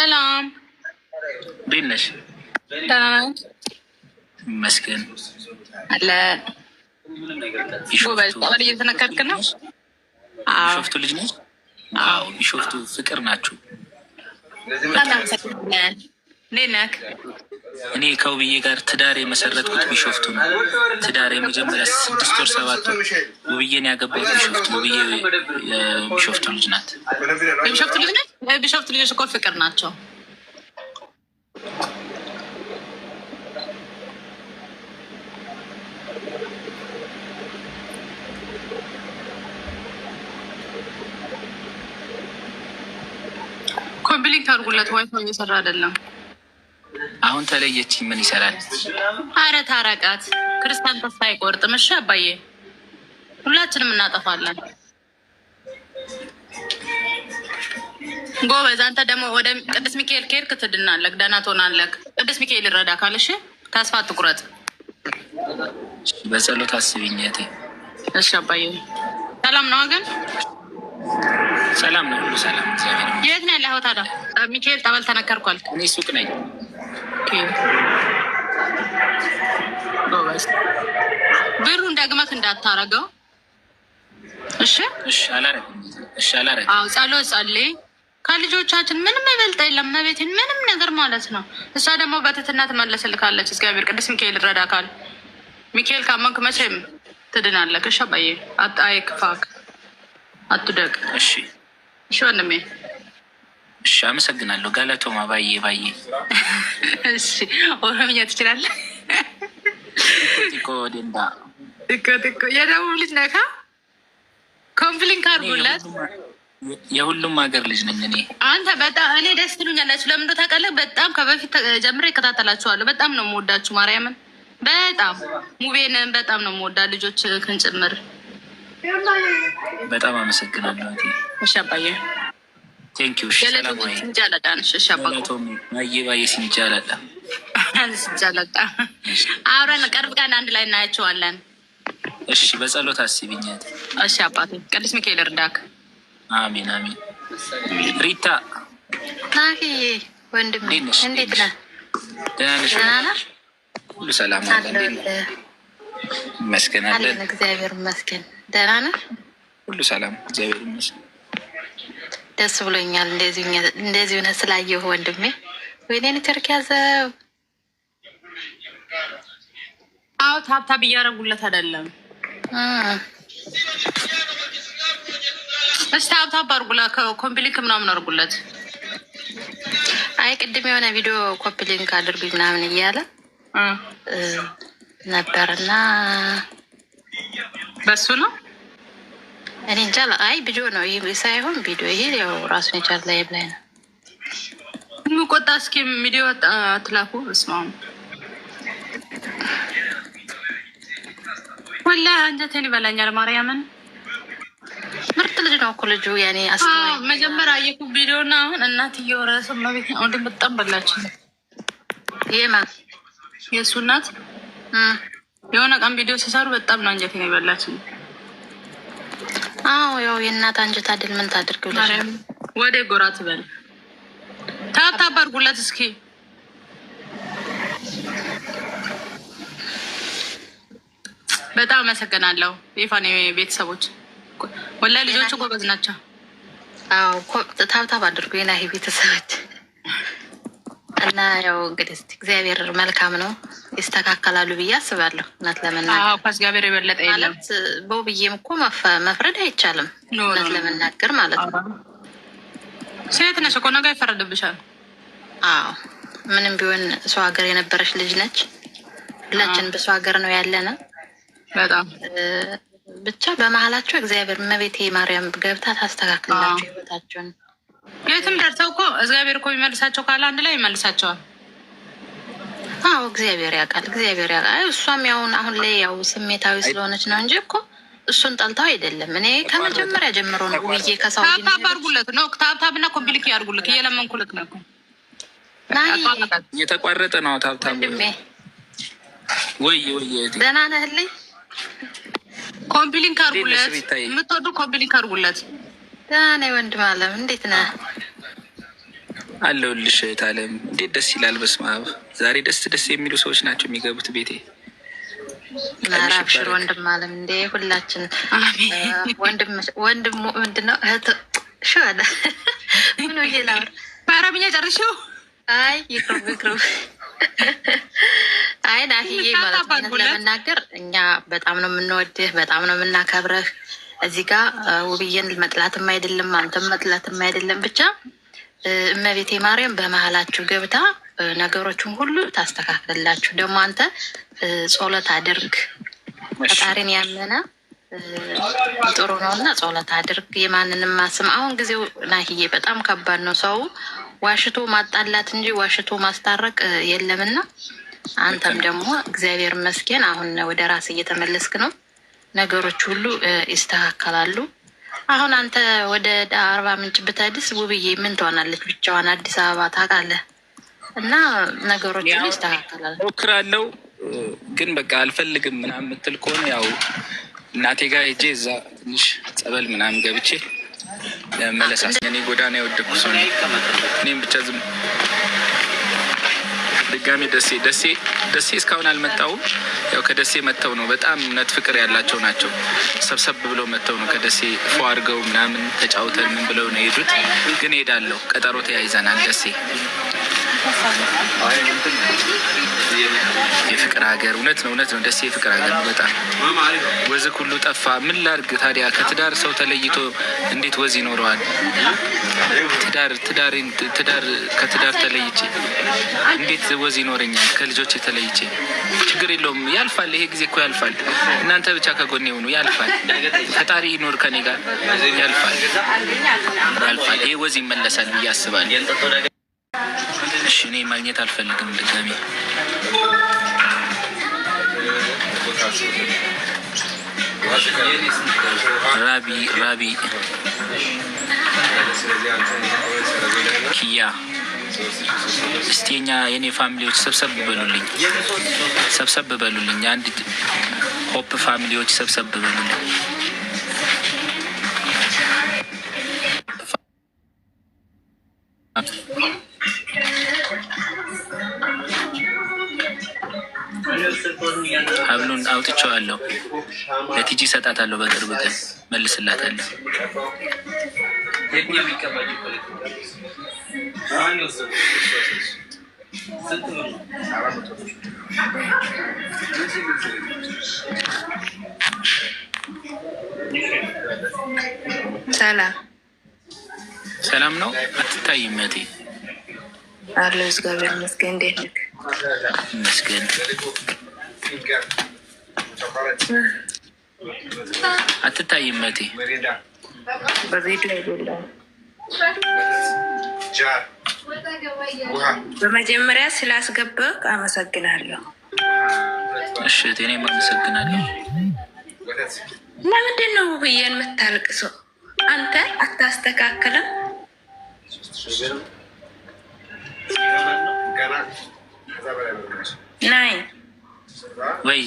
ሰላም እንዴት ነሽ? ይመስገን አለ እየተነከርክ ነው። ሾፍቱ ልጅ ነሽ? አዎ ሾፍቱ ፍቅር ናችሁ። እኔ ከውብዬ ጋር ትዳር የመሰረትኩት ቢሾፍቱ ነው። ትዳር የመጀመሪያ ስድስት ወር ሰባት ወር ውብዬን ያገባሁት ቢሾፍቱ። ውብዬ ቢሾፍቱ ልጅ ናት። ቢሾፍቱ ልጅ ናት። ቢሾፍት ልጆች እኮ ፍቅር ናቸው። ኮምፕሊት አድርጉለት። ዋይፋይ እየሰራ አይደለም። አሁን ተለየች። ምን ይሰራል? አረ ታረቃት። ክርስቲያን ተስፋ አይቆርጥም። እሺ አባዬ፣ ሁላችንም እናጠፋለን። ጎበዝ። አንተ ደግሞ ወደ ቅዱስ ሚካኤል ከሄድክ ትድናለህ፣ ደህና ትሆናለህ። ቅዱስ ሚካኤል ይረዳ ካልሽ ተስፋ ትቁረጥ። በጸሎት አስቢኝ እህቴ። እሺ አባዬ። ሰላም ነው ግን ሰላም ነው ሁሉ ሰላም። የት ነው ያለ ያለኸው ታዲያ? ሚካኤል ጠበል ተነከርኳል። እኔ ሱቅ ነኝ። ብሩን ደግመህ እንዳታረገው እሺ። እሺ አላረግም። እሺ አላረግም። አዎ ጸሎት ጸልይ ከልጆቻችን ምንም ይበልጥ የለም። መቤቴን ምንም ነገር ማለት ነው። እሷ ደግሞ በትትና ትመለስልካለች። እግዚአብሔር ቅዱስ ሚካኤል ይረዳካል። ሚካኤል ካመንክ መቼም ትድናለህ። እሺ አባዬ፣ አይክፋክ፣ አትደቅ። እሺ፣ እሺ ወንድሜ፣ እሺ። አመሰግናለሁ። ጋላቶማ ባዬ፣ ባዬ። እሺ፣ ኦሮምኛ ትችላለህ? ቲኮ ደንዳ፣ ቲኮ የደቡብ ልጅ ነካ። ኮምፕሊን ካርጉላት የሁሉም ሀገር ልጅ ነኝ እኔ። አንተ በጣም እኔ ደስ ትሉኛላችሁ። ለምን እንደው ታውቃለህ? በጣም ከበፊት ጀምሬ ይከታተላችኋለሁ። በጣም ነው የምወዳችሁ ማርያምን፣ በጣም ሙቤንን በጣም ነው የምወዳ ልጆች ክንጭምር በጣም አመሰግናለሁ። ሻባየ ቴንኪዩ ሲንጃላጣ ሲንጃላጣ አብረን ቅርብ ቀን አንድ ላይ እናያቸዋለን። እሺ፣ በጸሎት አስቢኛት። እሺ አባቴ ቅዱስ ሚካኤል እርዳክ። አሜን አሜን። ሪታ ናሂ ወንድም እንዴት ነህ? ደህና ነህ? ሁሉ ሰላም አለ ይመስገን አለ እግዚአብሔር ይመስገን። ደህና ነህ? ሁሉ ሰላም እግዚአብሔር ይመስገን። ደስ ብሎኛል እንደዚህ ሆነ ስላየሁ ወንድሜ። ወይኔ ኔትወርክ ያዘው። አዎ ታብታብ እያደረጉለት አይደለም እስቲ ሀብታብ አድርጉላ ኮምፕሊንክ ምናምን አርጉለት። አይ ቅድም የሆነ ቪዲዮ ኮምፕሊንክ አድርጉ ምናምን እያለ ነበርና በሱ ነው እኔ እንጃ። አይ ቪዲዮ ነው ይህ ሳይሆን ቪዲዮ ይሄ ያው ራሱን የቻለ ላይ ላይ ነው ቆጣ። እስኪ ሚዲዮ አትላኩ እስማ ወላ አንጀቴን ይበላኛል ማርያምን ነው እኮ ልጁ ያኔ መጀመሪያ አየኩ ቪዲዮና አሁን እናትየው እራሱ መቤት ወንድ በጣም በላች። ይማ የእሱ እናት የሆነ ቀን ቪዲዮ ሲሰሩ በጣም ነው አንጀት ነው የበላች። አዎ ያው የእናት አንጀት አይደል ምን ታደርግ ብለሽ ወደ ጎራ ትበል። ታብታብ አድርጉለት እስኪ በጣም አመሰግናለሁ ይፋን ቤተሰቦች። ወላሂ ልጆቹ ጎበዝ ናቸው። ታብታብ አድርጎ የናሂ ቤተሰቦች እና ያው እንግዲህ እግዚአብሔር መልካም ነው፣ ይስተካከላሉ ብዬ አስባለሁ። እውነት ለመናገር ከእግዚአብሔር የበለጠ ማለት በውብዬም እኮ መፍረድ አይቻልም። እውነት ለመናገር ማለት ነው። ሴት ነች እኮ ነገ ይፈረድብሻል። አዎ ምንም ቢሆን ሰው ሀገር የነበረች ልጅ ነች። ሁላችን በሰው ሀገር ነው ያለነ በጣም ብቻ በመሀላቸው እግዚአብሔር እመቤቴ ማርያም ገብታ ታስተካክላቸው ህይወታቸውን። የትም ደርሰው እኮ እግዚአብሔር እኮ የሚመልሳቸው ካለ አንድ ላይ ይመልሳቸዋል። አዎ እግዚአብሔር ያውቃል፣ እግዚአብሔር ያውቃል። እሷም ያውን አሁን ላይ ያው ስሜታዊ ስለሆነች ነው እንጂ እኮ እሱን ጠልተው አይደለም። እኔ ከመጀመሪያ ጀምሮ ነው ውዬ ከሰው ታብታብ አድርጉለት ነው ታብታብና ኮምፒልክ ያድርጉልክ እየለመንኩልክ ነው። የተቋረጠ ነው ታብታብ። ወይ ወይ ደህና ነህልኝ ኮምፕሊንክ አርጉለት፣ የምትወዱ ኮምፕሊንክ አርጉለት። ደህና ወንድም አለም፣ እንዴት ነህ? አለሁልሽ እህት አለም። እንዴት ደስ ይላል። በስመ አብ ዛሬ ደስ ደስ የሚሉ ሰዎች ናቸው የሚገቡት ቤቴ። አብሽር ወንድም አለም። እንዴ ሁላችን ወንድም ምንድን እህት ሸለ ምን ላር በአረብኛ ጨርሽው? አይ ይቅርብ ይቅርብ አይ ዳሂዬ ማለት ለመናገር እኛ በጣም ነው የምንወድህ፣ በጣም ነው የምናከብረህ። እዚህ ጋር ውብዬን መጥላትም አይደለም አንተም መጥላትም አይደለም። ብቻ እመቤቴ ማርያም በመሀላችሁ ገብታ ነገሮችን ሁሉ ታስተካክልላችሁ። ደግሞ አንተ ጸሎት አድርግ፣ ፈጣሪን ያመነ ጥሩ ነው እና ጸሎት አድርግ። የማንንም ማስም አሁን ጊዜው ናሂዬ በጣም ከባድ ነው። ሰው ዋሽቶ ማጣላት እንጂ ዋሽቶ ማስታረቅ የለምና አንተም ደግሞ እግዚአብሔር ይመስገን አሁን ወደ ራስ እየተመለስክ ነው። ነገሮች ሁሉ ይስተካከላሉ። አሁን አንተ ወደ አርባ ምንጭ ብትሄድስ ውብዬ ምን ትሆናለች? ብቻዋን አዲስ አበባ ታውቃለህ። እና ነገሮች ሁሉ ይስተካከላል። ሞክራለው ግን በቃ አልፈልግም ምናምን የምትል ከሆነ ያው እናቴ ጋር ሄጄ እዛ ትንሽ ጸበል ምናምን ገብቼ መለሳስ እኔ ጎዳና የወደኩ ሰው እኔም ብቻ ዝም ድጋሚ ደሴ ደሴ ደሴ እስካሁን አልመጣውም። ያው ከደሴ መጥተው ነው በጣም እምነት ፍቅር ያላቸው ናቸው። ሰብሰብ ብለው መጥተው ነው ከደሴ ፎ አድርገው ምናምን ተጫውተን ምን ብለው ነው የሄዱት። ግን ሄዳለሁ፣ ቀጠሮ ተያይዘናል ደሴ የፍቅር ሀገር። እውነት ነው እውነት ነው። ደሴ የፍቅር ሀገር ነው በጣም ወዝክ ሁሉ ጠፋ። ምን ላርግ ታዲያ ከትዳር ሰው ተለይቶ እንዴት ወዝ ይኖረዋል? ትዳር ትዳሬን ትዳር ከትዳር ተለይቼ እንዴት ወዝ ይኖረኛል? ከልጆች ተለይቼ ችግር የለውም ያልፋል። ይሄ ጊዜ እኮ ያልፋል። እናንተ ብቻ ከጎኔ ሆኑ። ያልፋል። ፈጣሪ ይኖር ከኔ ጋር ያልፋል፣ ያልፋል። ይሄ ወዝ ይመለሳል ብዬ አስባለሁ። እሺ፣ እኔ ማግኘት አልፈልግም ድጋሚ ራቢ ራቢ ኪያ እስቲ የኛ የኔ ፋሚሊዎች ሰብሰብ በሉልኝ፣ ሰብሰብ በሉልኝ። አንድ ሆፕ ፋሚሊዎች ሰብሰብ በሉልኝ። ሀብሉን አውጥቼዋለሁ። ለቲጂ ሰጣታለሁ። በቅርብ ቀን መልስላታለሁ። የሚቀባጅ ሰላም ሰላም ነው። አትታይም እቴ አለሁ። እግዚአብሔር ይመስገን። እንዴት ነህ? ይመስገን። አትታይም በቪዲዮ አይደለም። በመጀመሪያ ስላስገባህ አመሰግናለሁ። እሺ እኔም አመሰግናለሁ። ለምንድን ነው ውብዬን የምታልቅሰው? አንተ አታስተካክልም? ናይ ወይ